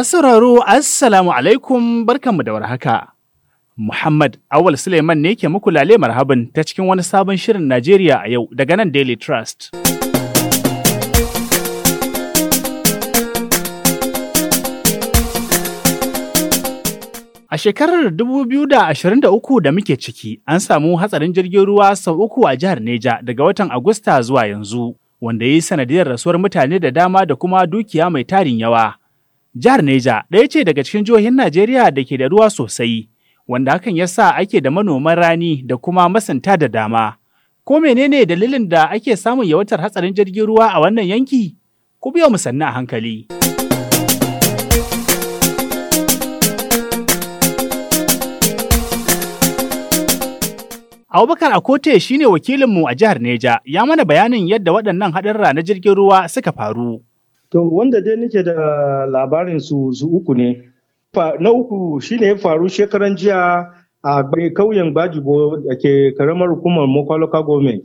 Masu sauraro, Assalamu alaikum barkanmu da warhaka. Muhammad Awal Suleiman ne ke muku lale marhabin ta cikin wani sabon shirin Najeriya a yau daga nan Daily Trust. A shekarar 2023 da muke ciki, an samu hatsarin jirgin ruwa sau uku a jihar Neja daga watan Agusta zuwa yanzu, wanda ya yi sanadiyar rasuwar mutane da dama da kuma dukiya mai tarin yawa. Jihar Neja ɗaya ce daga cikin jihohin Najeriya da ke da ruwa sosai, wanda hakan ya sa ake da manoman rani da kuma masinta da dama. Ko menene dalilin da ake samun yawatar hatsarin jirgin ruwa a wannan yanki? Ku biyo mu sannu a hankali. Abubakar Akote shine wakilinmu a jihar Neja ya mana bayanin yadda waɗannan haɗin na jirgin ruwa suka faru. To wanda dai nake da labarin su uku ne. Na uku shine ya faru shekaran jiya a kauyen Bajibo da ke karamar hukumar Mokwaloka Government.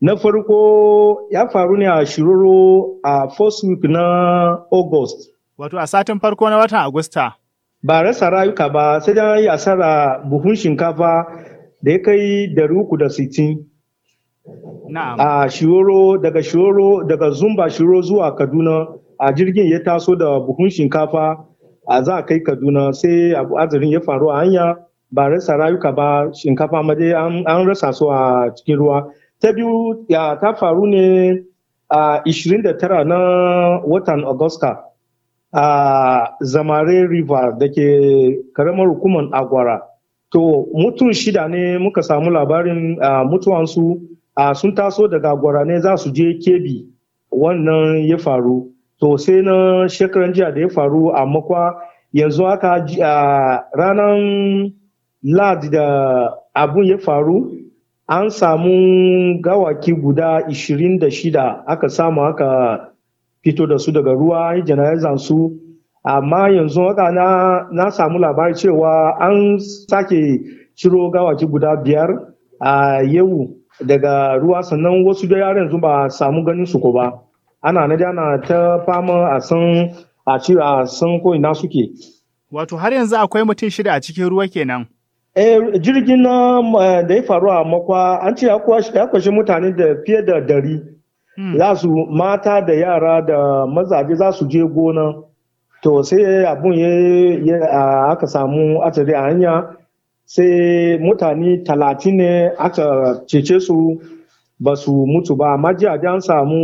Na farko ya faru ne a Shiroro a first week na August. Wato a satin farko na watan Agusta. Ba rasa rayuka ba sai dai yi asara buhun shinkafa da ya kai dari uku da sittin. A Shiroro daga daga Zumba Shiroro zuwa Kaduna a jirgin ya taso da buhun shinkafa a za kai kaduna sai abu azarin ya faru a hanya ba rasa rayuka ba shinkafa ma dai an rasa su a cikin ruwa ta biyu ta faru ne a 29 na watan agusta a zamare river da ke karamar hukumar agwara to mutum shida ne muka samu labarin mutuwansu sun taso daga agwara ne za su je kebi wannan ya faru to sai na shekaran jiya da ya faru a makwa yanzu haka a ranar lad da abun ya faru an samu gawaki guda 26 aka samu aka fito da su daga ruwa jana'izan su amma yanzu haka na, samu labari cewa an sake ciro gawaki guda biyar a yau daga ruwa sannan wasu da yaran ba samu ganin su ko ba ana na ana ta fama a san a sun ko ina suke wato har yanzu akwai mutum shida a cikin ruwa kenan eh jirgin na eh, da ya faru a makwa an ce ya kwashi mutane da fiye da dari hmm. za su mata da yara da mazaje za su je gona to sai abun ya aka samu atari a hanya sai mutane talatin ne aka cece su ba su mutu ba amma jiya an samu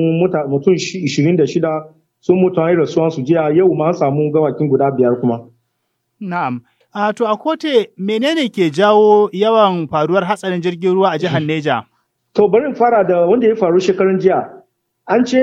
mutum ishirin da shida sun mutu an yi su jiya yau ma an samu gawakin guda biyar kuma. Na'am. A to a kote menene ke jawo yawan faruwar hatsarin jirgin ruwa a jihar Neja? To bari fara da wanda ya faru shekarun jiya. an ce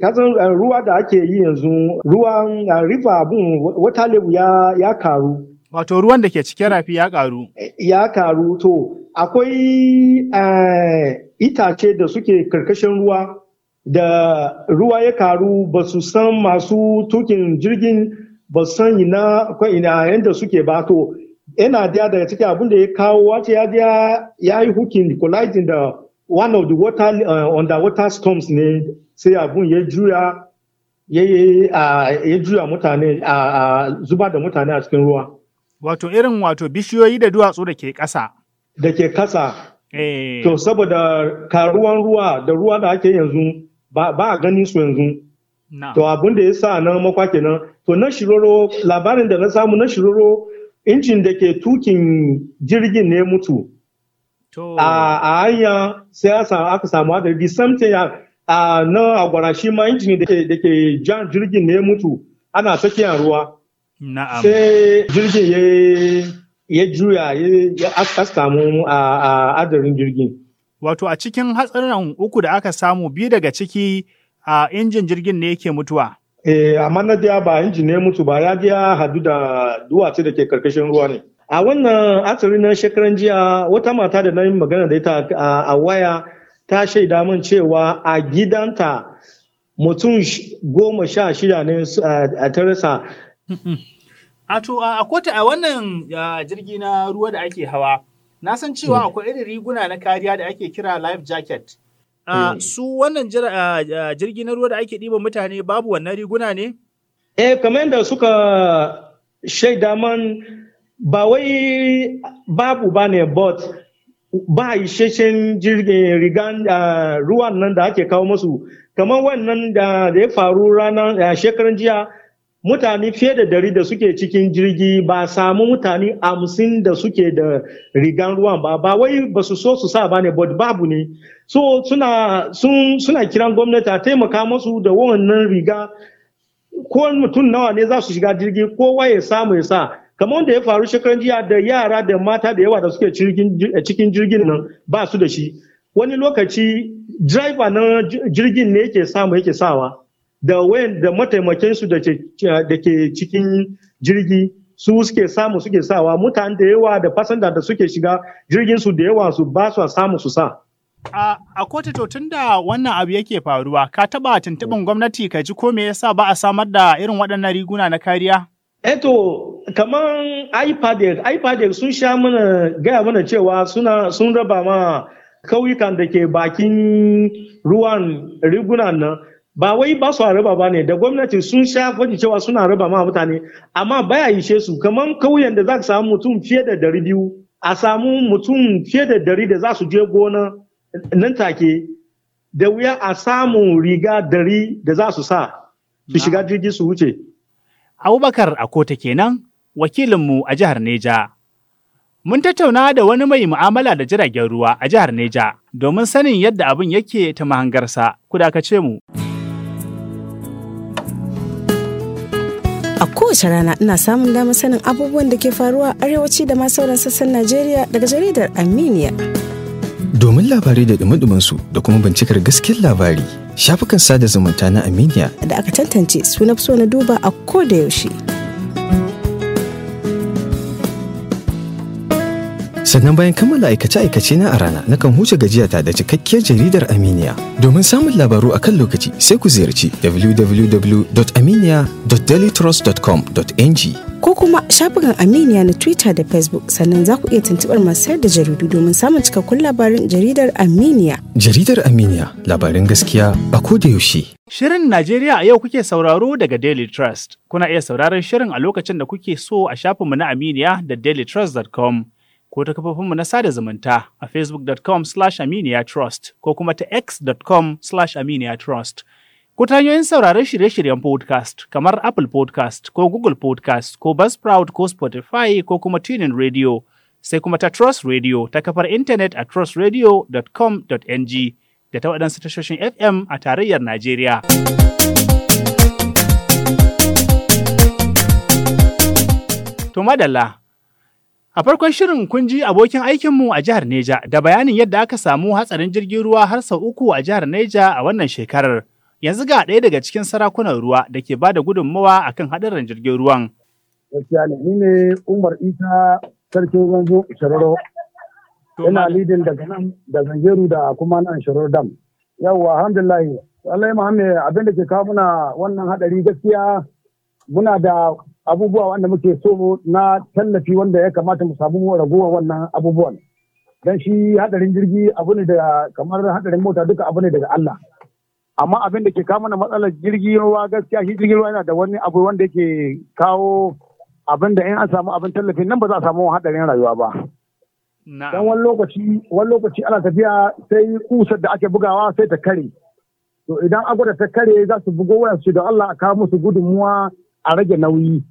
kasan eh, ruwa da ake yi yanzu ruwan eh, river abun wata lebu ya, karu wato ruwan da ke cikin rafi ya karu eh, ya karu to akwai eh, itace da suke karkashin ruwa da ruwa ya karu ba su san masu tukin jirgin ba su san ina ina yadda suke ba to yana daya daga ciki abin da ya kawo wace ya ya ya yi hukin colliding da one of the water uh, underwater storms ne sai abun ya juya ya ya juya mutane a zuba da mutane a cikin ruwa wato irin wato bishiyoyi da duwatsu da ke ƙasa da ke kasa eh. to saboda ka ruwan ruwa da ruwa da ake yanzu ba a ganin su yanzu to abinda da ya sa nan makwa kenan to na shiroro labarin da na samu na shiroro injin da ke tukin jirgin ne mutu a hanya sai aka samu adadi samtin a nan a na shi ma injin da ke jan jirgin ne mutu ana tsakiyar ruwa sai jirgin ya ya juya ya samu a adarin jirgin. Wato a cikin hatsarin uku da aka samu biyu daga ciki a injin jirgin ne yake mutuwa. Eh, amma na daya ba injin ne mutu ba ya daya hadu da duwatsu da ke karkashin ruwa ne. A wannan asiri na shekaran jiya wata mata da na yi magana da ita a waya ta shaida min cewa a gidanta mutum goma sha shida ne a tarasa A to a kota a wannan jirgi na ruwa da ake hawa, na san cewa hmm. akwai irin riguna na kariya da ake kira life jacket. Hmm. Su wannan jirgi na ruwa da ake ɗiba mutane babu wannan riguna ne? Eh kamar yadda suka shaida man ba wai babu ba ne but ba isheshen jirgin eh, rigan ruwan nan da ake kawo masu kamar wannan da ya faru ranar shekaran jiya mutane fiye da dari da suke cikin jirgi ba samu mutane amsin da suke da rigan ruwan ba ba wai ba su so su sa ba ne but babu ne so suna sun suna kiran gwamnati a taimaka musu da wannan riga ko mutum nawa ne za su shiga jirgi kowa ya samu ya sa kamar da ya faru shekaran jiya da yara da mata da yawa da suke cikin jirgin nan ba su da shi wani lokaci driver na jirgin ne yake samu yake sawa da wayan da mataimakinsu da ke cikin jirgi su suke samu suke sawa mutane da yawa da fasanda da suke shiga jirgin su da yawa su ba su samu su sa. A, kotu kotu tun da wannan abu yake faruwa, ka taba tuntuɓin gwamnati ka ji ko me yasa ba a samar da irin waɗannan riguna na kariya? Eto, eh kaman iPad, iPad sun sha mana gaya mana cewa suna sun raba ma kauyukan da ke bakin ruwan rigunan nan ba wai ba su raba ba ne da gwamnati sun sha faɗi cewa suna raba ma mutane amma baya ishe su kamar kauyen da za ka samu mutum fiye da dari biyu a samu mutum fiye da dari da za su je gona nan take da wuya a samu riga dari da za su sa su shiga jirgi su wuce. Abubakar Akota kenan wakilinmu a jihar Neja. Mun tattauna da wani mai mu'amala da jiragen ruwa a jihar Neja domin sanin yadda abin yake ta mahangarsa, kudakace mu. A kowace rana ina samun damar sanin abubuwan da ke faruwa arewaci da ma sauran sassan Najeriya daga jaridar Aminiya. Domin labarai da dumi su da kuma bincikar gaskiyar labari, shafukan sada zumunta na Aminiya da aka tantance suna na duba a ko da yaushe. sannan bayan kammala aikace-aikace na a rana na kan huce gajiyata da cikakkiyar jaridar aminiya domin samun labaru a kan lokaci sai ku ziyarci www.aminiya.dailytrust.com.ng ko kuma shafukan aminiya na twitter da facebook sannan za ku iya tuntubar masu sayar da jaridu domin samun cikakkun labarin jaridar aminiya jaridar aminiya labarin gaskiya a da yaushe shirin najeriya a yau kuke sauraro daga daily trust kuna iya sauraron shirin a lokacin da kuke so a shafinmu na aminiya da dailytrust.com ko ta kafofinmu na sada zumunta a facebook.com slash trust ko kuma ta x.com slash aminiyatrust. Ko ta hanyoyin sauraron shirye-shiryen podcast kamar Apple podcast ko Google podcast ko Buzzsprout ko Spotify ko kuma Tuning Radio sai kuma ta Trust Radio ta kafar intanet a trustradio.com.ng da ta waɗansu tashoshin FM a tarayyar Najeriya. To madalla A farkon shirin kun ji abokin aikinmu a jihar Neja da bayanin yadda aka samu hatsarin jirgin ruwa har sau uku a jihar Neja a wannan shekarar. Yanzu ga ɗaya daga cikin sarakunan ruwa da ke bada da gudunmawa a kan haɗarin jirgin ruwan. Gaskiya ne, ne Umar Isa Sarkin Ruwan Zo Ina lidin da Zangeru da kuma nan Shiroro Dam. Yawwa, alhamdulillah. Allah abin da ke kawo muna wannan haɗari gaskiya muna da abubuwa wanda muke so na tallafi wanda ya kamata mu samu ragowa wannan abubuwan dan shi hadarin jirgi abu ne da kamar hadarin mota duka abu ne daga Allah amma abin da ke kawo mana matsalar jirgin ruwa gaskiya shi jirgin ruwa yana da wani abu wanda yake kawo abin da in an samu abin tallafi nan ba za a samu hadarin rayuwa ba dan wani lokaci wani lokaci ana tafiya sai kusar da ake bugawa sai ta kare to idan agwada ta kare za su bugo su da Allah a kawo musu gudunmuwa a rage nauyi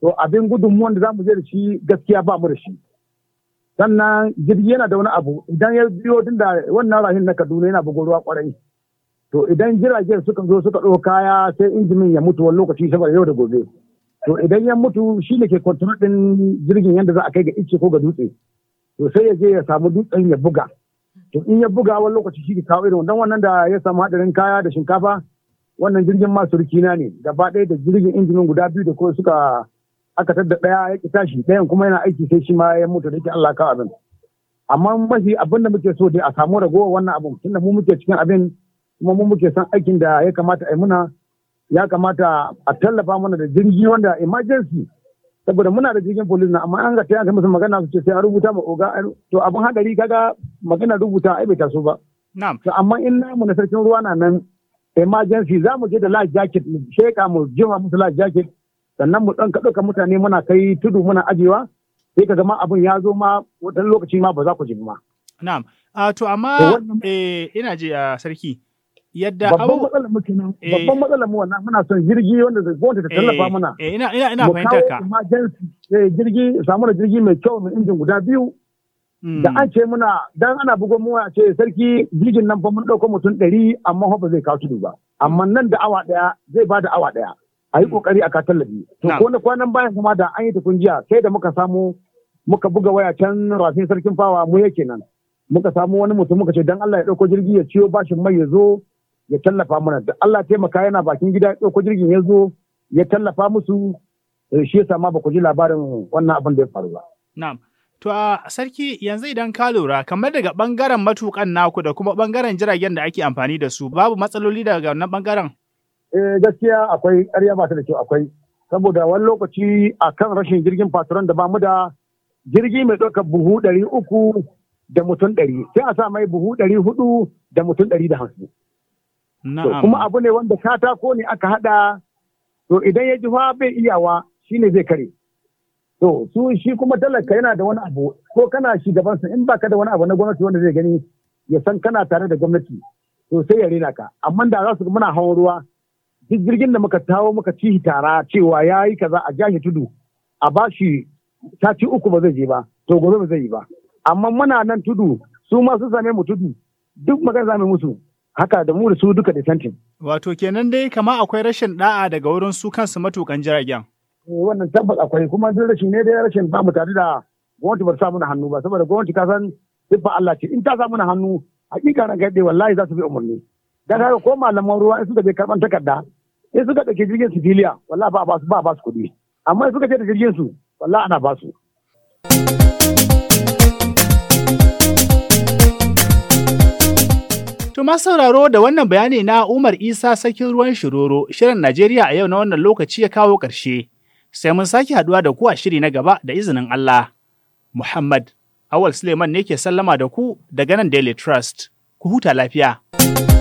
to abin gudunmuwan da za mu je da shi gaskiya ba mu da shi sannan jirgi yana da wani abu idan ya biyo tunda wannan rahin na kaduna yana bugo ruwa kwarai to idan jiragen suka zo suka ɗau kaya sai injimin ya mutu wani lokaci saboda yau da gobe to idan ya mutu shi ne ke kwantar ɗin jirgin yadda za a kai ga ice ko ga dutse to sai ya je ya samu dutsen ya buga to in ya buga wani lokaci shi ke kawo irin wannan wannan da ya samu haɗarin kaya da shinkafa wannan jirgin ma surukina ne gaba ɗaya da jirgin injimin guda biyu da kawai suka aka tadda ɗaya ya ki tashi ɗayan kuma yana aiki sai shi ma ya mutu da yake Allah ka abin amma mafi abin da muke so dai a samu ragowar wannan abin tunda mu muke cikin abin kuma mu muke son aikin da ya kamata a muna ya kamata a tallafa mana da jirgi wanda emergency saboda muna da jirgin police na amma an ga sai an musu magana su ce sai a rubuta ma oga to abin hadari kaga magana rubuta ai bai taso ba na'am to amma in namu na sarkin ruwa na nan emergency za mu je da life jacket mu sheka mu jima musu life jacket sannan mu ɗan ɗauka mutane muna kai tudu muna ajewa sai ka gama abin ya zo ma wani lokaci ma ba za ku ji ma. Na'am, a to amma eh, ina je a ah, sarki. Yadda babban matsalar mu kenan eh. babban matsalar mu wannan muna son jirgi wanda zai wanda ta tallafa eh, muna. Eh ina ina ina fahimtar ka. Mu kawo jirgi samu da jirgi mai kyau mai injin guda biyu. Hmm. Da an ce muna dan ana bugo mu a ce sarki jirgin nan fa mun dauko mutum ɗari amma ba zai kawo tudu ba. Amma nan da awa ɗaya zai ba da awa ɗaya. a yi hmm. kokari a labi to ko na kwanan bayan kuma da an yi tafin jiya sai da muka samu muka buga waya can rafin sarkin fawa mu yake nan muka samu wani mutum muka ce dan Allah ya dauko jirgi ya ciyo bashin mai ya zo ya tallafa mana da Allah taimaka yana bakin gida ya dauko jirgin ya zo ya tallafa musu eh, shi ya ma ba ku ji labarin wannan abin da ya faru ba na'am To a sarki yanzu idan ka lura kamar daga bangaren matukan naku da kuma bangaren jiragen da ake amfani da su babu matsaloli daga wannan bangaren? eh gaskiya akwai ƙarya ba ta da kyau akwai saboda wani lokaci a kan rashin jirgin patron da ba mu da jirgi mai ɗaukar buhu ɗari uku da mutum ɗari sai a sa mai buhu ɗari hudu da mutum ɗari da hamsin. kuma abu ne wanda katako ne aka haɗa to idan ya ji fa bai iyawa shine zai kare. To su shi kuma talaka yana da wani abu ko kana sa in baka da wani abu na gwamnati wanda zai gani ya san kana tare da gwamnati to sai ya rena ka amma da za su muna hawan ruwa duk jirgin da muka tawo muka ci tara cewa ya yi kaza a jahi tudu a bashi ci uku ba zai je ba to gobe ba zai yi ba amma muna nan tudu su ma sun same mu tudu duk magana zame musu haka da mu da su duka da santin. Wato kenan dai kama akwai rashin da'a daga wurin su kansu matukan jiragen. Eh, wannan tabbas akwai kuma duk ne dai rashin ba mu tare da gwamnati ba ta samu hannu ba saboda gwamnati ka san siffa Allah ce in ta samu na hannu hakika ran kai wallahi za su bi umarni. Dan haka ko malaman ruwa in suka bai karban takarda in suka ɗauki jirgin su filiya ba ba su ba su kuɗi amma in suka je da jirgin su wala ana ba su. Tuma sauraro da wannan bayani na Umar Isa sakin ruwan shiroro shirin Najeriya a yau na wannan lokaci ya kawo ƙarshe. Sai mun sake haɗuwa da ku a shiri na gaba da izinin Allah. Muhammad Awal Suleiman ne ke sallama da ku daga nan Daily Trust. Ku huta lafiya.